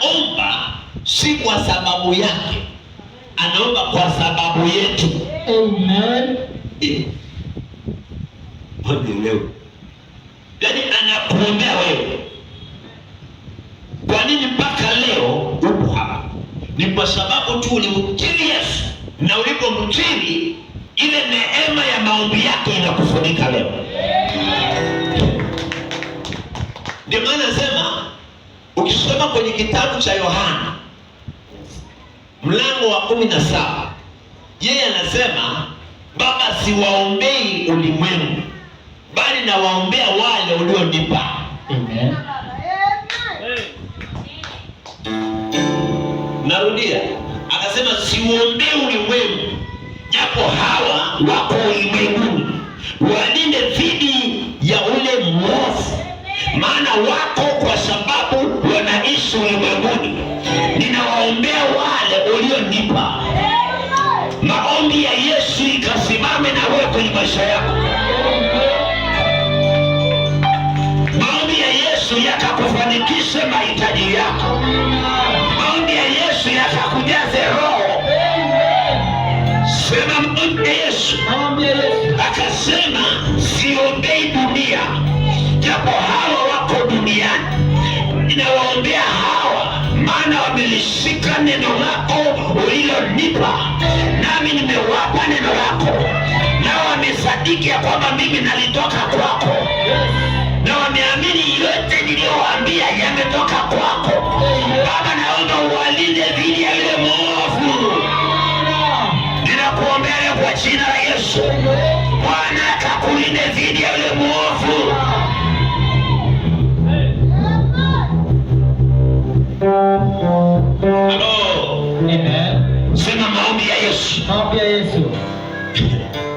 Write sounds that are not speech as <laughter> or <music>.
anaomba si kwa sababu yake, anaomba kwa sababu yetu. Amen. Eh. Leo yani, anakuombea wewe. Kwa nini mpaka leo upo hapa? Ni kwa sababu tu ulimkiri Yesu, na ulipomkiri ile neema ya maombi yake inakufunika leo. Ndio maana nasema Ukisoma kwenye kitabu cha Yohana mlango wa kumi na saba yeye anasema Baba, siwaombei ulimwengu, bali nawaombea wale ulionipa. Amen. Narudia, akasema siwaombei ulimwengu, japo hawa wako ulimwenguni, walinde dhidi ya ule mwovu, maana wako kwa sababu maisha yako. Maombi ya Yesu yakakufanikishe mahitaji yako. Maombi ya Yesu yakakujaze roho. Sema maombi ya Yesu. Akasema siombei dunia, japo hawa wako duniani, ninawaombea hawa, maana wamelishika neno lako ulilonipa, nami nimewapa neno lako wamesadiki ya kwamba mimi nalitoka kwako, na wameamini yote niliyowaambia yametoka kwako. Baba, naomba uwalinde dhidi ya yule mwovu, ninakuombea leo kwa jina la Yesu. Bwana akakulinde dhidi ya yule mwovu. sema maombi ya Yesu, maombi ya Yesu <laughs>